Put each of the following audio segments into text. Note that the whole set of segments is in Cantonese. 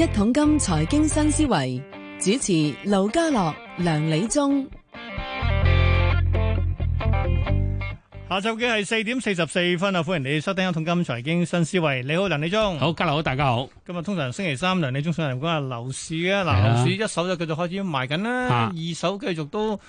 一桶金財經新思維，主持劉家樂、梁理中，下晝嘅係四點四十四分啊！歡迎你收聽一桶金財經新思維。你好，梁理中。好，家樂好，大家好。今日通常星期三，梁理中上嚟講下樓市嘅，嗱的，樓市一手就繼續開始賣緊啦，啊、二手繼續都。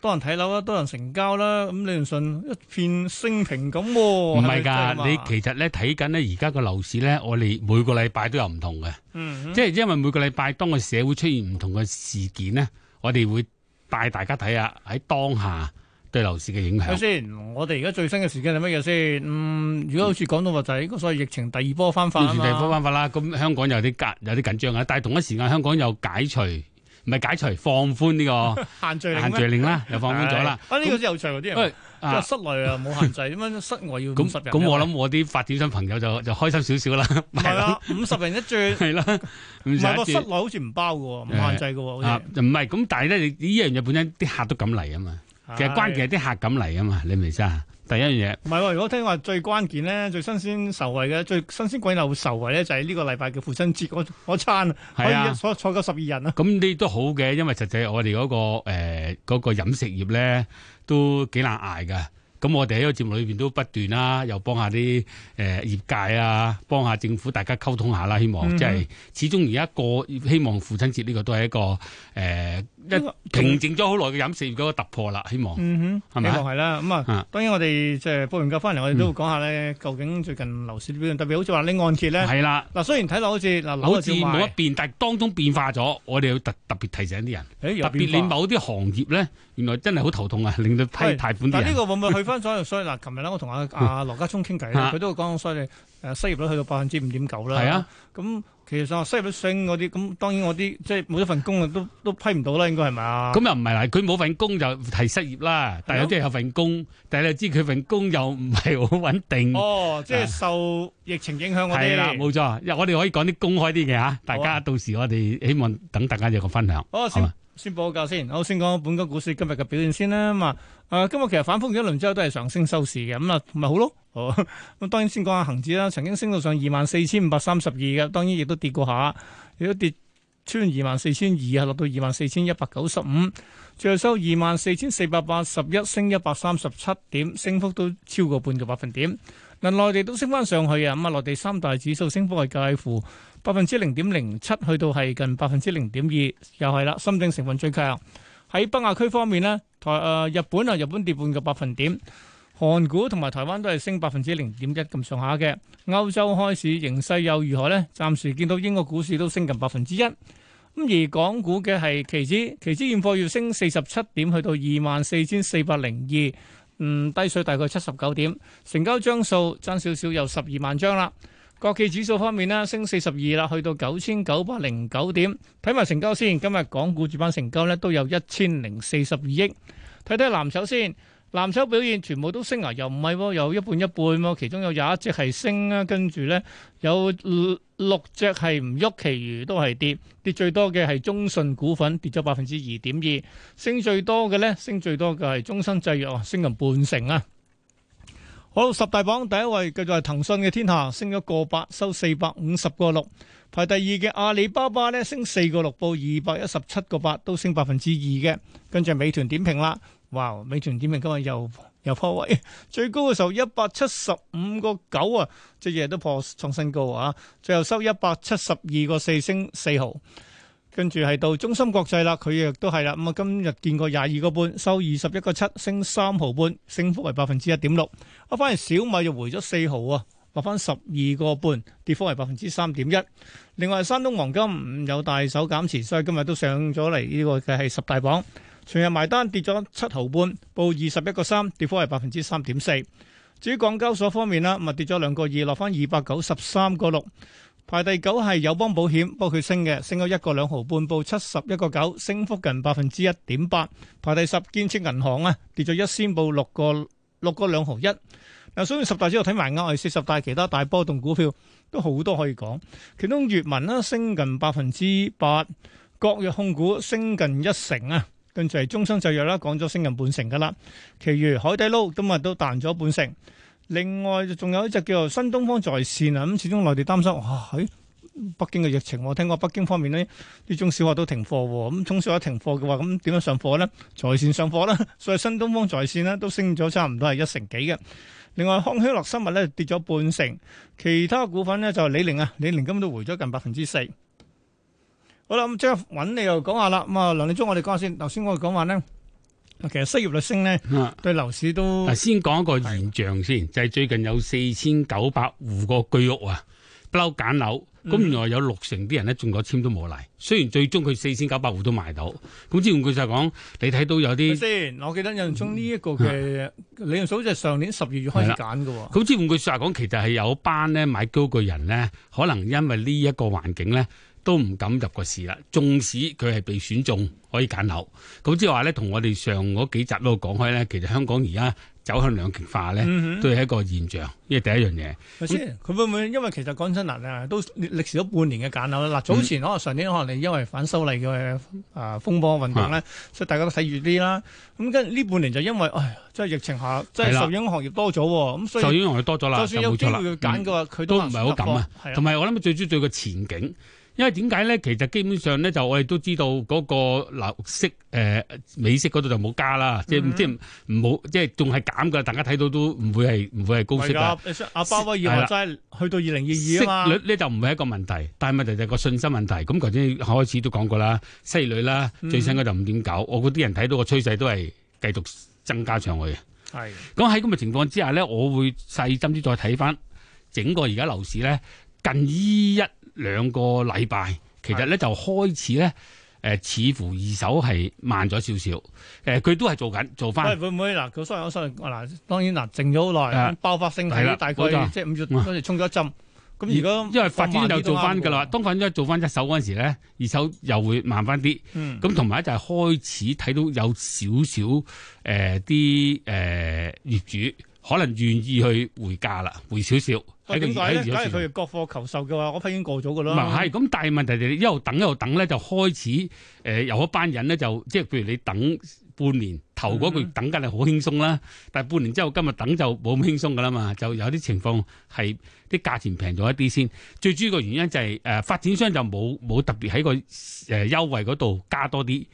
多人睇樓啦，多人成交啦，咁你仲信一片升平咁？唔係噶，是是你其實咧睇緊呢而家個樓市咧，我哋每個禮拜都有唔同嘅，嗯嗯即係因為每個禮拜當個社會出現唔同嘅事件咧，我哋會帶大家睇下喺當下對樓市嘅影響。首先，我哋而家最新嘅事件係乜嘢先？嗯，如果好似講到話就係呢個所謂疫情第二波翻發情第二波翻發啦，咁香港有啲緊有啲緊張啊，但係同一時間香港又解除。唔係解除、放寬呢個限聚令，限聚令啦，又放寬咗啦。呢個有趣喎！啲人即係室內啊冇限制，點解室外要五十人？咁咁，我諗我啲發展商朋友就就開心少少啦。係啦的，五十 人一轉。係啦，唔係喎，室內好似唔包嘅喎，唔的限制嘅喎，好似唔係咁。但係咧，你呢樣嘢本身啲客都敢嚟啊嘛。的其實關鍵係啲客敢嚟啊嘛，你明唔明先？第一樣嘢，唔係喎！如果聽話，最關鍵咧，最新鮮受惠嘅，最新鮮鬼流受惠咧，就係呢個禮拜嘅父親節嗰餐，啊、可以坐坐夠十二人啊！咁呢都好嘅，因為實際我哋嗰、那個誒嗰、呃那個、飲食業咧都幾難捱㗎。咁我哋喺呢個節目裏邊都不斷啦、啊，又幫下啲誒、呃、業界啊，幫下政府，大家溝通下啦。希望即係、嗯、哼始終而家過，希望父親節呢個都係一個誒，一、呃這個、平靜咗好耐嘅飲食業嗰個突破啦。希望，嗯係咪啊？啦吧。咁啊，嗯、當然我哋即係播完劇翻嚟，我哋都會講下咧，究竟最近樓市啲表現，嗯、特別好似話呢按揭咧，係啦的，嗱雖然睇落好似嗱樓市冇乜變，但係當中變化咗，我哋要特特別提醒啲人，欸、特別你某啲行業咧，原來真係好頭痛啊，令到批貸款啲人，但係呢個會所以，又衰嗱，琴日咧我同阿阿羅家聰傾偈佢都會講。所以，你誒、嗯啊、失業率去到百分之五點九啦。係啊，咁其實話失業率升嗰啲，咁當然我啲即係每一份工都都批唔到啦，應該係咪啊？咁又唔係啦，佢冇份工就係失業啦，但有啲有份工，但係你知佢份工又唔係好穩定。哦，即、就、係、是、受疫情影響嗰啲啦，冇、啊、錯。我哋可以講啲公開啲嘅嚇，大家到時我哋希望等大家有個分享。嗎先報個價先。好，先講本港股市今日嘅表現先啦。咁、嗯、啊，今日其實反覆一輪之後都係上升收市嘅。咁啊，咪好咯。咁、嗯、當然先講下恒指啦。曾經升到上二萬四千五百三十二嘅，當然亦都跌過下，亦都跌穿二萬四千二啊，落到二萬四千一百九十五，最後收二萬四千四百八十一，升一百三十七點，升幅都超過半個百分點。嗱，內地都升翻上去啊！咁啊，內地三大指數升幅係介乎百分之零點零七，去到係近百分之零點二，又係啦。深圳成分最強。喺北亞區方面呢，台誒日本啊，日本跌半個百分點，韓股同埋台灣都係升百分之零點一咁上下嘅。歐洲開市形勢又如何呢？暫時見到英國股市都升近百分之一。咁而港股嘅係期指，期指現貨要升四十七點，去到二萬四千四百零二。嗯，低水大概七十九點，成交張數爭少少，有十二萬張啦。國企指數方面咧，升四十二啦，去到九千九百零九點。睇埋成交先，今日港股主板成交咧都有一千零四十二億。睇睇藍籌先。藍籌表現全部都升啊，又唔係喎，有一半一半，啊、其中有廿一隻係升啦，啊，跟住呢有六隻係唔喐，其餘都係跌，跌最多嘅係中信股份跌咗百分之二點二，升最多嘅呢，升最多嘅係中生製藥，升咗半成啊。好，十大榜第一位繼續係騰訊嘅天下，升咗個八，收四百五十個六。排第二嘅阿里巴巴呢，升四個六報二百一十七個八，8，都升百分之二嘅。跟住美團點評啦。哇！美團點明今日又又破位，哎、最高嘅時候一百七十五個九啊，即日都破創新高啊！最後收一百七十二個四升四毫，跟住係到中芯國際啦，佢亦都係啦。咁啊，今日見過廿二個半，收二十一個七升三毫半，升幅為百分之一點六。啊，反而小米又回咗四毫啊，落翻十二個半，跌幅為百分之三點一。另外，山東黃金有大手減持，所以今日都上咗嚟呢個嘅係十大榜。全日埋單跌咗七毫半，報二十一個三，跌幅係百分之三點四。至於港交所方面啦，跌咗兩個二，落翻,二百九十三個六，排第九係友邦保險，不過佢升嘅，升咗一個兩毫半，報七十一個九，升幅近百分之一點八。排第十建設銀行啊，跌咗一仙，報六個六個兩毫一。嗱，所以十大之後睇埋啱係四十大其他大波動股票都好多可以講，其中粵文啦升近百分之八，國藥控股升近一成啊。跟隨係中生製藥啦，講咗升近半成噶啦。其餘海底撈今日都彈咗半成，另外仲有一隻叫做新東方在綫啊。咁始終內地擔心哇喺北京嘅疫情，我聽過北京方面咧啲中小學都停課，咁中小學停課嘅話，咁點樣上課咧？在綫上課啦，所以新東方在綫咧都升咗差唔多係一成幾嘅。另外康希諾生物咧跌咗半成，其他股份咧就李寧啊，李寧今日都回咗近百分之四。好啦，咁即刻搵你又講下啦。咁啊，梁理中我說說，我哋講下先。頭先我哋講話咧，其實失業率升咧，對樓市都。先講一個現象先，的就係最近有四千九百戶個居屋啊，不嬲揀樓，咁、嗯、原來有六成啲人咧中咗簽都冇嚟。雖然最終佢四千九百戶都賣到，咁之換句就講你睇到有啲。先，我記得梁理中呢一個嘅，梁用忠就係上年十二月開始揀噶。咁之換句就係講，其實係有班咧買居屋嘅人咧，可能因為呢一個環境咧。都唔敢入個市啦。縱使佢係被選中，可以揀樓，咁即係話咧，同我哋上嗰幾集都講開咧，其實香港而家走向兩極化咧，嗯、哼都係一個現象。呢係第一樣嘢。頭、嗯、先，佢會唔會因為其實講真啊，都歷時咗半年嘅揀樓啦。嗱，早前可能、嗯、上年可能你因為反修例嘅啊風波運動咧，啊、所以大家都睇住啲啦。咁跟住呢半年就因為，即係疫情下，即係受影響行業多咗，咁的了所以受影響行業多咗啦，就算有機會揀嘅話，佢、嗯、都唔係好敢啊。同埋的我諗最主要嘅前景。因為點解咧？其實基本上咧，就我哋都知道嗰個樓息誒美息嗰度就冇加啦、嗯，即係唔知唔冇，即係仲係減噶。大家睇到都唔會係唔會係高息噶。阿阿包威爾話齋，啊、爸爸以的去到二零二二啊息率咧就唔係一個問題，但係問題就係個信心問題。咁頭先開始都講過啦，息率啦，最新嗰就五點九。我嗰啲人睇到個趨勢都係繼續增加上去的。係的。咁喺咁嘅情況之下咧，我會細針啲再睇翻整個而家樓市咧近依一。兩個禮拜，其實咧就開始咧，誒、呃、似乎二手係慢咗少少。誒、呃、佢都係做緊，做翻。會唔會嗱？做雙人，我雙人嗱。當然嗱，靜咗好耐，呃、爆發性係啲大概，即係五月嗰陣衝咗一針。咁而家因為發展又做翻㗎啦。當發展做翻一手嗰陣時咧，二手又會慢翻啲。咁同埋咧就係開始睇到有少少誒啲誒業主可能願意去回價啦，回少少。點解咧？因為佢國貨求售嘅話，我批已經過咗噶啦。唔係，咁但係問題就係，你一路等一路等咧，就開始誒、呃，有一班人咧就，即係譬如你等半年，頭嗰個月等緊你好輕鬆啦。嗯、但係半年之後今日等就冇咁輕鬆噶啦嘛，就有啲情況係啲價錢平咗一啲先。最主要個原因就係、是、誒、呃，發展商就冇冇特別喺個誒優惠嗰度加多啲。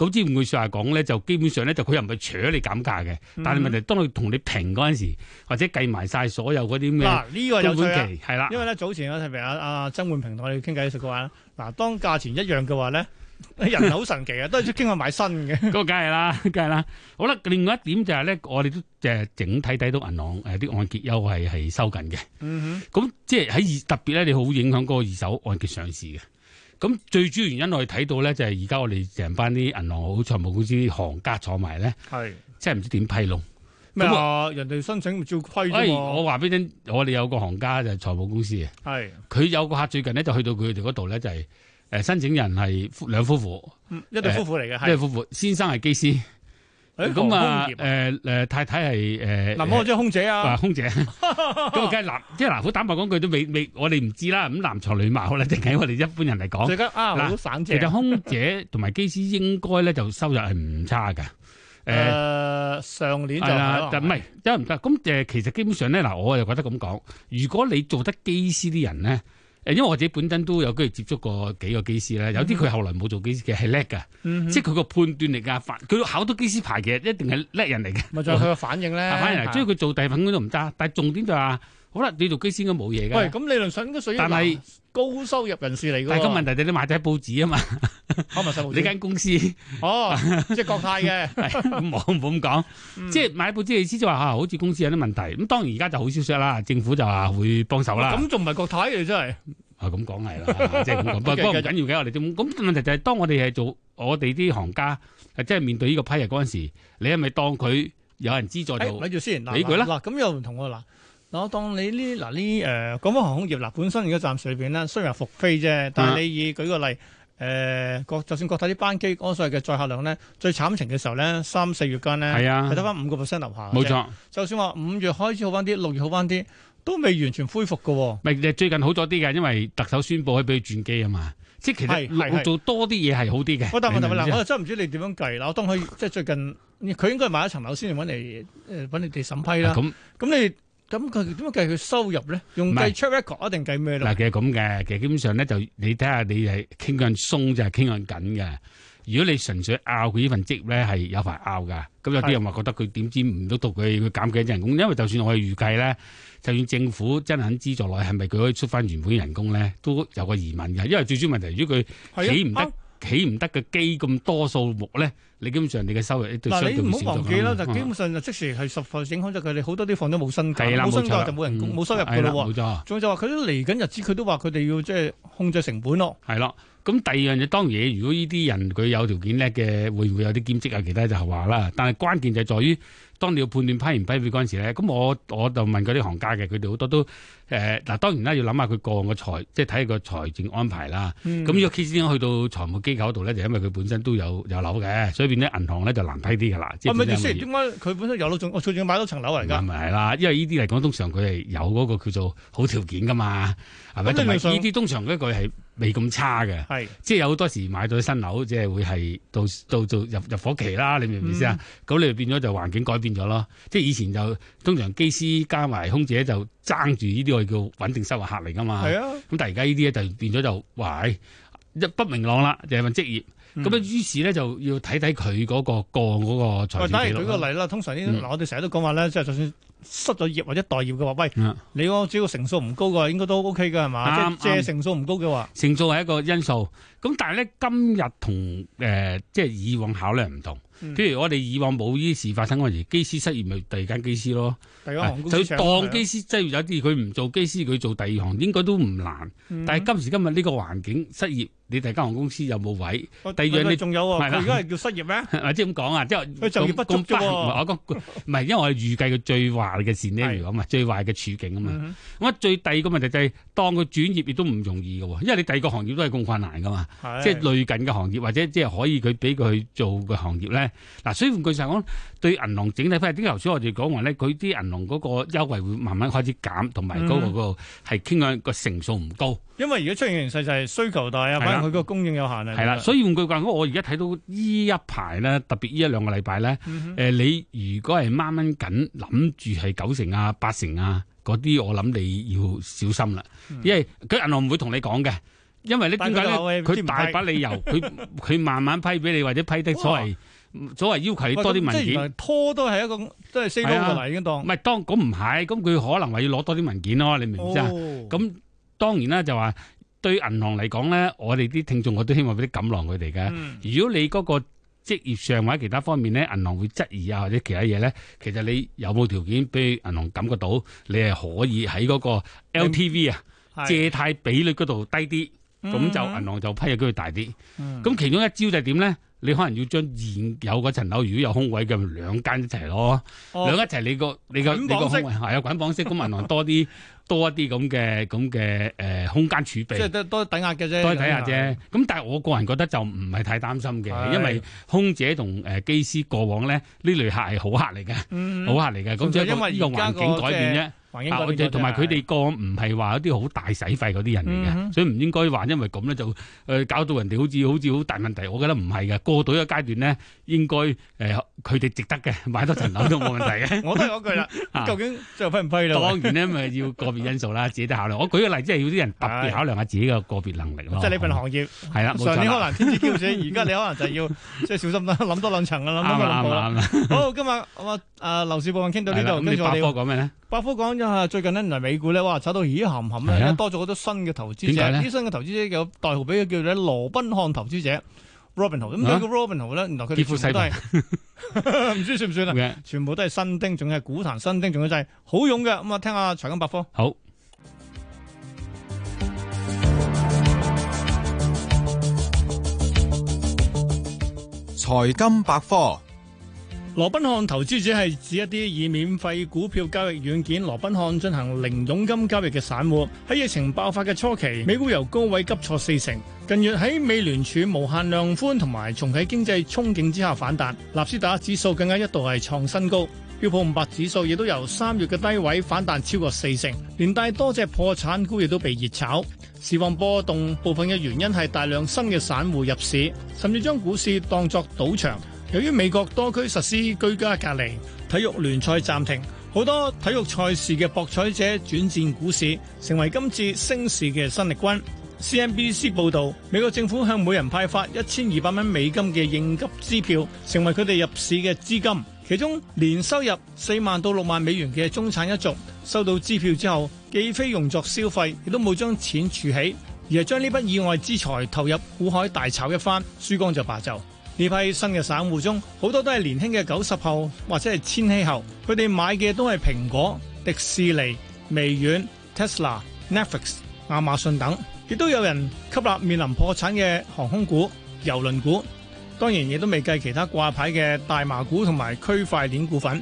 咁之唔會說話講咧，就基本上咧，就佢又唔係扯你減價嘅。嗯、但係問題當你同你平嗰陣時，或者計埋曬所有嗰啲咩，呢本、啊、有係啦、啊。的因為咧早前我睇明阿阿曾冠平同我哋傾偈時嘅話嗱，當價錢一樣嘅話咧，人好神奇啊， 都係傾話買新嘅。個梗係啦，梗係啦。好啦，另外一點就係、是、咧，我哋都整體睇到銀行啲按揭優惠係收緊嘅。咁、嗯、哼即係喺特別咧，你好影響嗰個二手按揭上市嘅。咁最主要原因看到現在我哋睇到咧，就係而家我哋成班啲銀行好財務公司行家坐埋咧，係即係唔知點批弄。咁啊麼，我人哋申請咪照規啫，我話俾你聽，我哋有個行家就係財務公司嘅，係佢是有個客最近咧就去到佢哋嗰度咧就係、是、誒申請人係兩夫婦、嗯，一對夫婦嚟嘅，呃、一對夫婦，是先生係機師。咁啊，誒誒那、呃呃、太太係嗱，男、呃、我做空姐啊，呃、空姐咁梗係男，即係嗱，好坦白講句都未未，我哋唔知啦。咁男才女貌咧，淨係我哋一般人嚟講，啊好省其實空姐同埋機師應該咧就收入係唔差嘅。誒、 呃、上年就唔係真係唔得。咁誒的其實基本上咧，嗱，我就覺得咁講，如果你做得機師啲人咧。誒，因為我自己本身都有機會接觸過幾個機師啦。有啲佢後來冇做機師嘅係叻嘅，即係佢個判斷力啊，佢考到機師牌嘅一定係叻人嚟嘅。咪再佢個反應咧、嗯，反應嚟，只要佢做地勤都唔得。但係重點就係、是。好啦，你做機先，應該冇嘢嘅喂，咁理論上都屬於高收入人士嚟噶。但係個問題就你買仔報紙啊嘛，可能你間公司哦，即係國泰嘅，唔好唔好咁講。即係買報紙意思就話吓，好似公司有啲問題。咁當然而家就好少少啦，政府就話會幫手啦。咁仲唔係國泰嘅真係啊，咁講係啦，即係咁講。不過唔緊要嘅，我哋咁問題就係當我哋係做我哋啲行家，即係面對呢個批啊嗰陣時，你係咪當佢有人資助到？睇住先，嗱呢句啦，嗱咁又唔同喎嗱，我當你呢嗱呢誒講翻航空業，嗱本身而家暫時嚟講咧，雖然話復飛啫，但係你以舉個例誒，國、啊呃、就算國泰啲班機嗰所謂嘅載客量咧，最慘情嘅時候咧，三四月間咧係啊，係得翻五個 percent 樓下。冇錯，就算話五月開始好翻啲，六月好翻啲，都未完全恢復嘅喎、哦。唔係，最近好咗啲嘅，因為特首宣布可以俾佢轉機啊嘛。即係其實做多啲嘢係好啲嘅。我但係問題，嗱，我真唔知你點樣計。嗱，我當佢即係最近，佢應該係買一層樓先嚟揾你哋審批啦。咁咁、啊、你？咁佢點解計佢收入咧？用計出一角定計咩咧？嗱，其實咁嘅，其實基本上咧，就你睇下，你係傾向鬆就係傾向緊嘅。如果你純粹拗佢呢份職業咧，係有排拗噶。咁有啲人話覺得佢點知唔都讀佢，佢減幾多人工？因為就算我哋預計咧，就算政府真係肯資助落去，係咪佢可以出翻原本嘅人工咧？都有個疑問嘅。因為最主要問題的，如果佢起唔得。企唔得嘅機咁多數目咧，你基本上你嘅收入對相對少咗。但你唔好忘記啦，就、嗯、基本上就即時係十分影響咗佢哋，你好多啲房都冇薪假，冇薪假就冇人工、冇收入噶咯喎。冇錯、嗯，仲就話佢都嚟緊日子，佢都話佢哋要即係控制成本咯。係咯，咁第二樣嘢當然，如果呢啲人佢有條件叻嘅，會唔會有啲兼職啊？其他就話啦，但係關鍵就係在於。當你要判斷批唔批會嗰陣時咧，咁我我就問嗰啲行家嘅，佢哋好多都誒嗱、呃，當然啦，要諗下佢個個財，即係睇個財政安排啦。咁呢個去到財務機構度咧，就因為佢本身都有有樓嘅，所以變咗銀行咧就難批啲嘅啦。啊，唔係，即係點解佢本身有樓我仲要買多層樓嚟㗎？咁咪係啦，因為呢啲嚟講，通常佢係有嗰個叫做好條件㗎嘛，係咪？同埋依啲通常句係未咁差嘅，嗯、是即係有好多時買到新樓，即係會係到到，到入入，入伙期啦，你明唔明意思啊？咁你、嗯、變咗就環境改變。變咗咯，即係以前就通常機師加埋空姐就爭住呢啲我叫穩定收入客嚟噶嘛。係啊，咁但係而家呢啲咧就變咗就喂一不明朗啦，就係份職業。咁樣於是咧就要睇睇佢嗰個個嗰個財。我等下舉個例啦，通常呢我哋成日都講話咧，就、嗯、就算失咗業或者待業嘅話，喂、嗯，你我主要成數唔高嘅話，應該都 O K 嘅係嘛？即係成數唔高嘅話，成數係一個因素。咁但係咧今日同誒、呃、即係以往考慮唔同。譬如我哋以往冇呢啲事發生嗰陣時，機師失業咪第二間機師咯，就當機師即係有啲佢唔做機師，佢做第二行應該都唔難。但係今時今日呢個環境失業，你第二間航空公司有冇位？第二樣你仲有喎，而家係叫失業咩？即係咁講啊，即係佢就業不足喎。唔係，因為我哋預計佢最壞嘅事咧，如果嘛最壞嘅處境啊嘛。咁啊，最第二個問題就係當佢轉業亦都唔容易嘅喎，因為你第二個行業都係咁困難㗎嘛，即係類近嘅行業或者即係可以佢俾佢去做嘅行業咧。嗱，所以換句實講，對銀行整體批，啲頭先我哋講話咧，佢啲銀行嗰個優惠會慢慢開始減，同埋嗰個嗰個係傾向個成數唔高。嗯、哼因為而家出現的形勢就係需求大啊，的反而佢個供應有限啊。啦的，所以換句話，我而家睇到依一排咧，特別依一兩個禮拜咧，誒、嗯哼呃，你如果係掹掹緊諗住係九成啊、八成啊嗰啲，我諗你要小心啦、嗯，因為佢銀行唔會同你講嘅，因為咧點解咧？佢大把理由，佢佢 慢慢批俾你，或者批得所謂。嗯所謂要求多啲文件，拖都係一個，即係 s e、啊、已經當，唔係當咁唔係，咁佢可能話要攞多啲文件咯，你明唔知？咁、哦、當然啦，就話對銀行嚟講咧，我哋啲聽眾我都希望俾啲錦囊佢哋嘅。嗯、如果你嗰個職業上或者其他方面咧，銀行會質疑啊，或者其他嘢咧，其實你有冇條件俾銀行感覺到你係可以喺嗰個 LTV 啊，借貸比率嗰度低啲，咁、嗯嗯、就銀行就批嘅機會大啲。咁、嗯、其中一招就係點咧？你可能要將現有嗰層樓，如果有空位嘅，兩間一齊攞，哦、兩間一齊你個你個你個空位係啊，滾房式咁，銀行多啲。 多一啲咁嘅咁嘅誒空間儲備，即係多多抵押嘅啫，多抵押啫。咁但係我個人覺得就唔係太擔心嘅，因為空姐同誒機師過往咧呢類客係好客嚟嘅，好客嚟嘅。咁即係因為呢個環境改變啫，同埋佢哋個唔係話一啲好大使費嗰啲人嚟嘅，所以唔應該話因為咁咧就誒搞到人哋好似好似好大問題。我覺得唔係嘅，過到一階段咧應該誒佢哋值得嘅買多層樓都冇問題嘅。我都係嗰句啦，究竟最後批唔批咯？當然咧，咪要過。因素啦，自己都考慮。我舉個例，即係要啲人特別考量下自己嘅個別能力咯。即係你份行業係啦，上年可能天之驕子，而家你可能就係要即係小心啦，諗多兩層嘅啦。好，今日我誒樓市部分傾到呢度，跟住我講咩咧？伯夫講咗下，最近呢原嚟美股咧，哇，炒到咦含含咧？多咗好多新嘅投資者，啲新嘅投資者有代號，俾佢叫做羅賓漢投資者。Robin 羅賓豪咁，佢個羅賓豪咧，原來佢哋全部都係唔知算唔算啦，全部都係新丁，仲要係古壇新丁，仲要就係好用嘅。咁啊，聽下財金百科好，財金百科。羅賓漢投資者係指一啲以免費股票交易軟件羅賓漢進行零佣金交易嘅散戶。喺疫情爆發嘅初期，美股由高位急挫四成，近月喺美聯儲無限量寬同埋重啟經濟憧憬之下反彈。納斯達指數更加一度係創新高，標普五百指數亦都由三月嘅低位反彈超過四成，連帶多隻破產股亦都被熱炒。市況波動部分嘅原因係大量新嘅散戶入市，甚至將股市當作賭場。由於美國多區實施居家隔離，體育聯賽暫停，好多體育賽事嘅博彩者轉戰股市，成為今次升市嘅新力軍。CNBC 報導，美國政府向每人派發一千二百蚊美金嘅應急支票，成為佢哋入市嘅資金。其中年收入四萬到六萬美元嘅中產一族收到支票之後，既非用作消費，亦都冇將錢儲起，而係將呢筆意外之財投入股海大炒一番，輸光就罷就。呢批新嘅散戶中，好多都係年輕嘅九十後或者係千禧後，佢哋買嘅都係蘋果、迪士尼、微軟、Tesla、Netflix、亞馬遜等，亦都有人吸納面臨破產嘅航空股、郵輪股，當然亦都未計其他掛牌嘅大麻股同埋區塊鏈股份。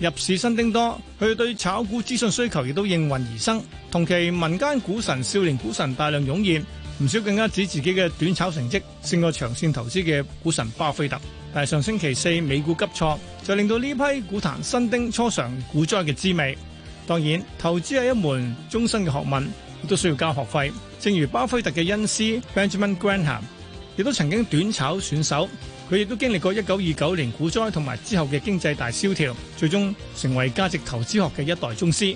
入市新丁多，佢哋對炒股資訊需求亦都應運而生，同期民間股神、少年股神大量湧現。唔少更加指自己嘅短炒成績勝過長線投資嘅股神巴菲特，但係上星期四美股急挫，就令到呢批股壇新丁初嘗股災嘅滋味。當然，投資係一門終身嘅學問，亦都需要交學費。正如巴菲特嘅恩師 Benjamin Graham，亦都曾經短炒選手，佢亦都經歷過一九二九年股災同埋之後嘅經濟大蕭條，最終成為價值投資學嘅一代宗師。